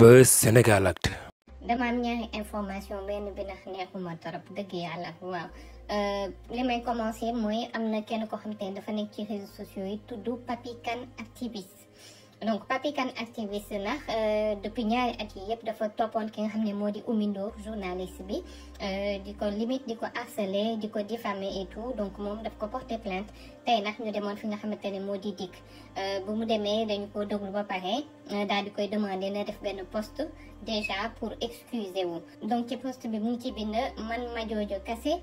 ba Sénégal Actu dama am ñaari information benn bi ndax ma torop dëgg yàlla waa euh, li may commencer mooy am na kenn ko xam te dafa nekk ci réseaux sociaux yi tudd Papi Kane activiste donc Papy Kane activiste ndax euh, depuis ñaari at yi yëpp dafa toppoon ki nga xam ne moo di Oumy Ndour journaliste bi euh, di ko limite di ko harceler di ko diffamer et tout donc moom daf ko porter plainte tey nag ñu demoon fi nga xamante ne moo di dikk euh, bu mu demee dañu ko déglu ba pare daal di koy demander na def benn poste déjà pour excuser wu donc ci poste bi mu ngi ci bind man Madiodio Kassé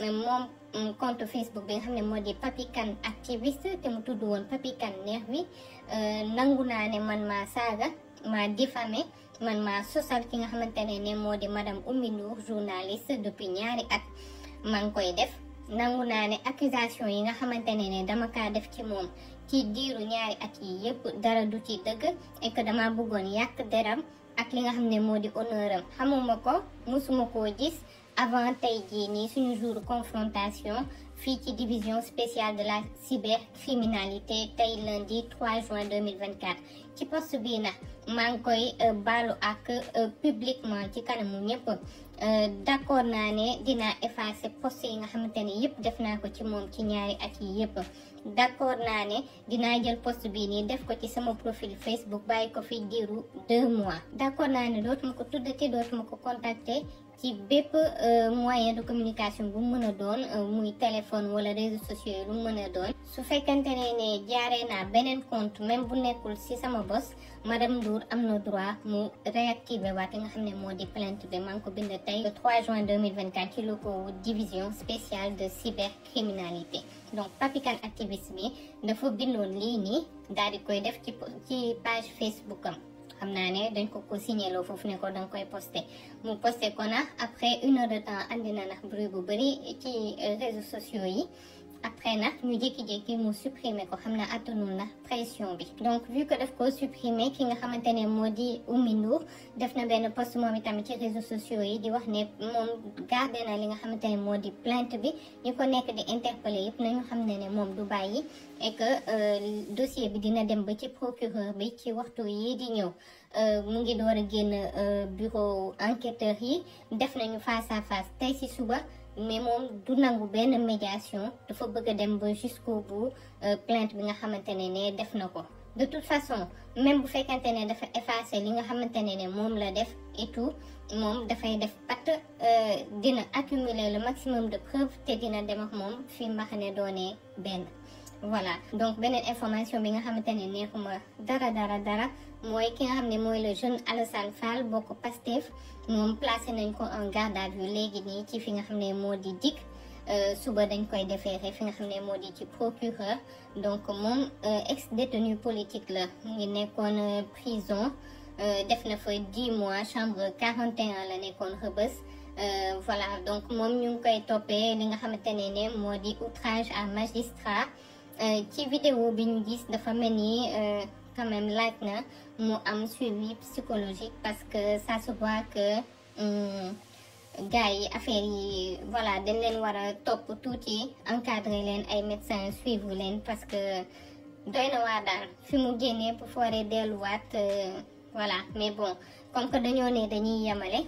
moom compte Facebook bi nga xam ne moo di Papi Kane activiste te mu tudd woon Papi Kane neex wi euh, nangu naa ne man maa saaga maa diffamé man maa sosal ki nga xamante ne ne moo di madame Oumy Ndour journaliste depuis ñaari at maa koy def nangu naa ne accusation yi nga xamante ne ne dama kaa def ci moom ci diiru ñaari at yi yëpp dara du ci dëgg et que dama bëggoon yàq deram ak li nga xam ne moo di honneur am xamuma ko musuma koo gis avant tey jii nii suñu jour confrontation fii ci division spéciale de la cybercriminalité tey lundi 3 juin 2024 ci post bii na maa koy euh, baalu ak euh, publiquement ci kanamu ñëpp euh, d'accord naa ne dinaa effacer post yi nga xamante ne yëpp def naa ko ci moom ci ñaari at yi yëpp d'accord naa ne dinaa jël post bii nii def ko ci sama profil Facebook bàyyi ko fi diiru deux mois d'accord naa ne dootuma ko tuddati dootuma ko contacter ci bépp moyen de communication bu mën a doon muy téléphone wala réseaux sociaux yi lu mën a doon su fekkante ne ne jaaree naa beneen compte même bu si sama sama bos madame Ndour am na droit mu réactivé waat li nga xam ne moo di plainte bi maa ngi ko bind tey le 3 juin 2024 ci locaux division spéciale de cybercriminalité donc Papikan activiste bi dafa bindoon lii nii daal di koy def ci ci page Facebook am. xam naa ne dañ ko ko signaloo foofu ne ko da nga koy posté mu posté ko na après une heure de temps andi na ndax bu bëri ci euh, réseaux sociaux yi. après na ñu jëkki jékki mu supprimer ko xam ne attanul na pression bi donc vu que daf ko supprimer ki nga xamante ne moo di Oumy Ndour def na benn post moom itamit ci réseaux sociaux yi di wax ne moom gardé li nga xamante ne moo di plainte bi nekk di yëpp nañu xam ne ne moom du bàyyi e que euh, dossier bi dina dem ba ci procureur bi ci waxtu yi di ñëw euh, mu ngi door a génn euh, bureau enquêteur yi def nañu face à face tey si suba mais moom du nangu benn médiation dafa bëgg a dem ba jusqu'au bout euh, plainte bi nga xamante ne ne def na ko de tout façon même bu fekkante ne dafa effacé li nga xamante ne ne moom la def et tout moom dafay def pat euh, dina accumuler le maximum de preuves te dina dem ak moom fi mbax ne doonee benn voilà donc beneen information bi nga xamante ne neexuma dara dara dara mooy ki nga xam mooy le jeune Alassane Fall bokk Pastef moom placé nañ ko en garde à vue léegi nii ci fi nga xam ne moo di dikk euh, suba dañ koy defeere fi nga xam ne moo di ci procureur donc moom euh, ex détenu politique la mu ngi nekkoon euh, prison def na fa 10 mois chambre 41 la nekkoon Rebeuss voilà donc moom ñu koy toppee li nga xam ne ne moo di outrage à magistrat Euh, ci vidéo bi ñu gis dafa mel ni euh, quand même laaj na mu am suivi psychologique parce que ça se voit que gars yi affaire yi voilà dañ leen war a topp tuuti encadrer leen ay médecins suivre leen parce que doy na waa daal fi mu génnee bu fooree delluwaat euh, voilà mais bon comme que dañoo ne dañuy yemale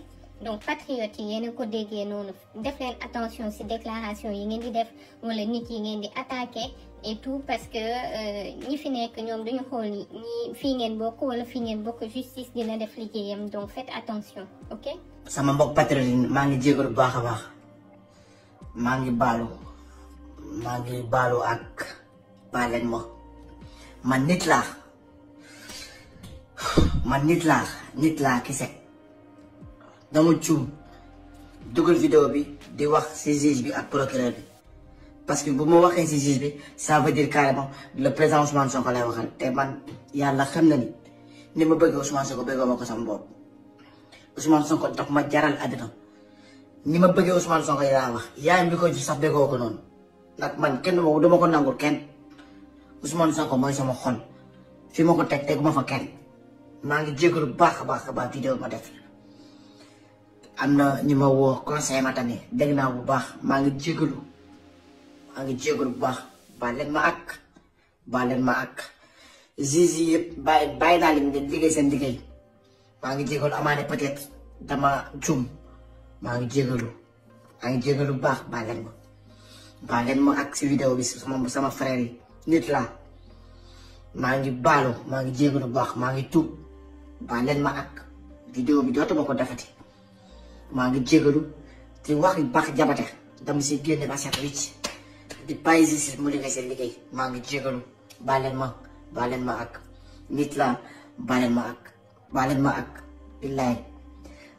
donc patriotes yi yéen a ko déggee noonu def leen attention ci déclaration yi ngeen di def walla nit yi ngeen di attaquer. et tout parce que ñi euh, fi nekk ñoom duñu xool ñi fii ngeen bokk wala fii ngeen bokk justice dina def liggéeyam donc faites attention ok. sama mbokk patriote maa ngi jégalu bu baax a maa ngi baalu maa ngi baalu ak baaleen ma man nit laa man nit laa nit laa kese dama cuum dugal vidéo bi di wax ci juge bi ak procureur bi. parce que bu ma waxee si juge bi ça veut dire carrément le président Ousmane Sonko lay waxal te man yàlla xam na ni ni ma bëggee Ousmane Sonko bëggoo ma ko sama bopp Ousmane daf ma jaral àddina ma bëggee Ousmane Sonko laa wax bi ko ji sax noonu ndax man kenn ma dama ko nangul kenn Ousmane Sonko mooy sama xol fi ma ko teg teguma fa kenn maa ngi jégalu baax a baax a baax ma def na ñu ma woo conseil ma bu baax maa ngi jégalu. maa ngi jégalu bu baax baal leen ma ak baal leen ma àkk zizi yëpp bàyyi bàyyi naa ngeen liggéey seen liggéey maa ngi jégalu amaane peut-être dama jum maa ngi jégalu maa ngi jégalu baax baal leen ma baal leen ma àkk si vidéo bi sama sama frère yi nit maa ngi baalu maa ngi jégalu bu baax maa ngi tuub baal leen ma ak vidéo bi dootuma ko defati maa ngi jégalu te wax baax jabate dama si génne ba set wicc di bàyyi justice mu liggéey seen liggéey maa ngi jégalu baaleen ma baaleen ma ak nit la baaleen ma ak baaleen ma ak billaay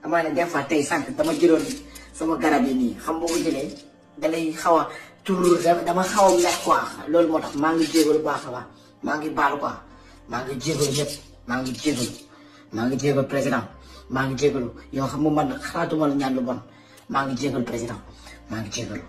amaa ne des tey sànq dama jëloon sama garab yi nii xam boo ko jëlee dalay xaw a tur dama xaw a meex quoi loolu moo tax maa ngi jégalu baax a maa ngi baalu quoi maa ngi jégalu ñëpp maa ngi jégalu maa ngi jégalu président maa ngi jégalu yow xam mu man xalaatuma la ñaan lu bon maa ngi jégalu président maa ngi jégalu